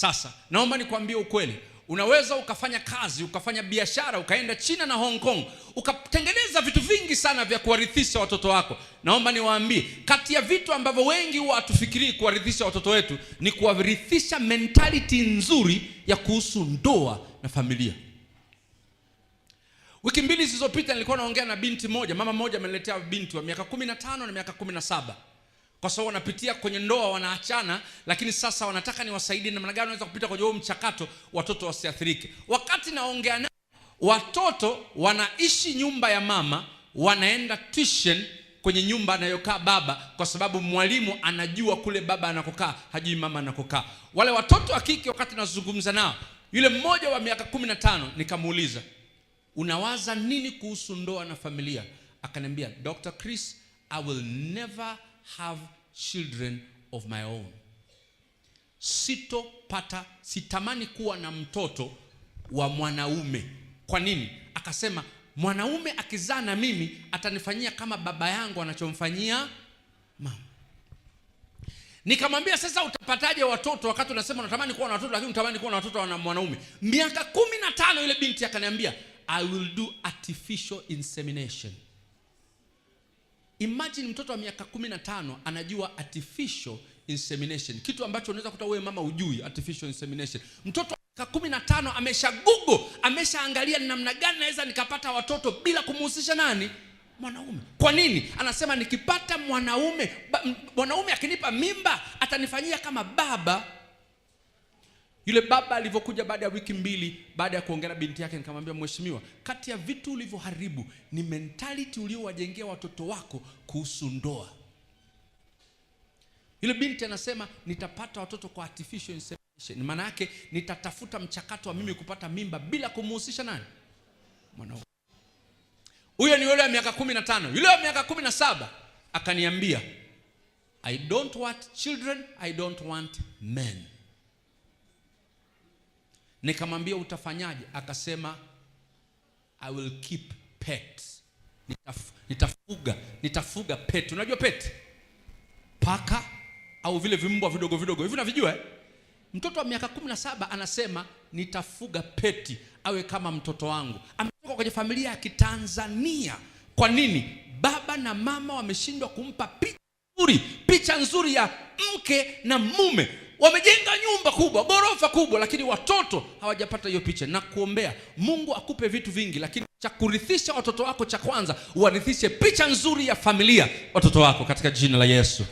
Sasa naomba nikwambie ukweli, unaweza ukafanya kazi ukafanya biashara ukaenda China na Hong Kong ukatengeneza vitu vingi sana vya kuwarithisha watoto wako. Naomba niwaambie, kati ya vitu ambavyo wengi huwa hatufikirii kuwarithisha watoto wetu ni kuwarithisha mentality nzuri ya kuhusu ndoa na familia. Wiki mbili zilizopita nilikuwa naongea na binti moja, mama moja ameniletea binti wa miaka kumi na tano na miaka kumi na saba kwa sababu wanapitia kwenye ndoa wanaachana, lakini sasa wanataka niwasaidie namna gani wanaweza kupita kwenye huo mchakato, watoto wasiathirike. Wakati naongea nao, watoto wanaishi nyumba ya mama, wanaenda tuition kwenye nyumba anayokaa baba, kwa sababu mwalimu anajua kule baba anakokaa, hajui mama anakokaa. Wale watoto wa kike, wakati nazungumza nao, yule mmoja wa miaka kumi na tano, nikamuuliza unawaza nini kuhusu ndoa na familia? Akaniambia, Dr. Chris, I will never have children of my own. Sitopata, sitamani kuwa na mtoto wa mwanaume. Kwa nini? Akasema mwanaume akizaa na mimi atanifanyia kama baba yangu anachomfanyia mama. Nikamwambia sasa, utapataje watoto wakati unasema unatamani kuwa na watoto, lakini unatamani kuwa na watoto wa mwanaume? Miaka kumi na tano, ile binti akaniambia I will do artificial insemination. Imagine mtoto wa miaka 15 anajua artificial insemination, kitu ambacho unaweza kuta wewe mama ujui artificial insemination. Mtoto wa miaka 15 tano amesha google, ameshaangalia ni namna gani naweza nikapata watoto bila kumhusisha nani mwanaume. Kwa nini? Anasema nikipata mwanaume, mwanaume akinipa mimba atanifanyia kama baba yule baba alivyokuja baada ya wiki mbili baada ya kuongea na binti yake, nikamwambia mheshimiwa, kati ya vitu ulivyoharibu ni mentality uliowajengea watoto wako kuhusu ndoa. Yule binti anasema nitapata watoto kwa artificial insemination, maana yake nitatafuta mchakato wa mimi kupata mimba bila kumhusisha nani? Mwanaume. Huyo ni yule wa miaka kumi na tano. Yule wa miaka kumi na saba akaniambia I don't want children, I don't want men. Nikamwambia utafanyaje? Akasema I will keep pet. Nitaf, nitafuga nitafuga pet. Unajua pet? Paka au vile vimbwa vidogo vidogo hivi unavijua eh? Mtoto wa miaka 17 anasema nitafuga peti awe kama mtoto wangu. Ametoka kwenye familia ya Kitanzania. Kwa nini? Baba na mama wameshindwa kumpa picha nzuri, picha nzuri ya mke na mume. Wamejenga nyumba kubwa, ghorofa kubwa, lakini watoto hawajapata hiyo picha. Na kuombea Mungu akupe vitu vingi, lakini cha kurithisha watoto wako cha kwanza, uwarithishe picha nzuri ya familia watoto wako katika jina la Yesu.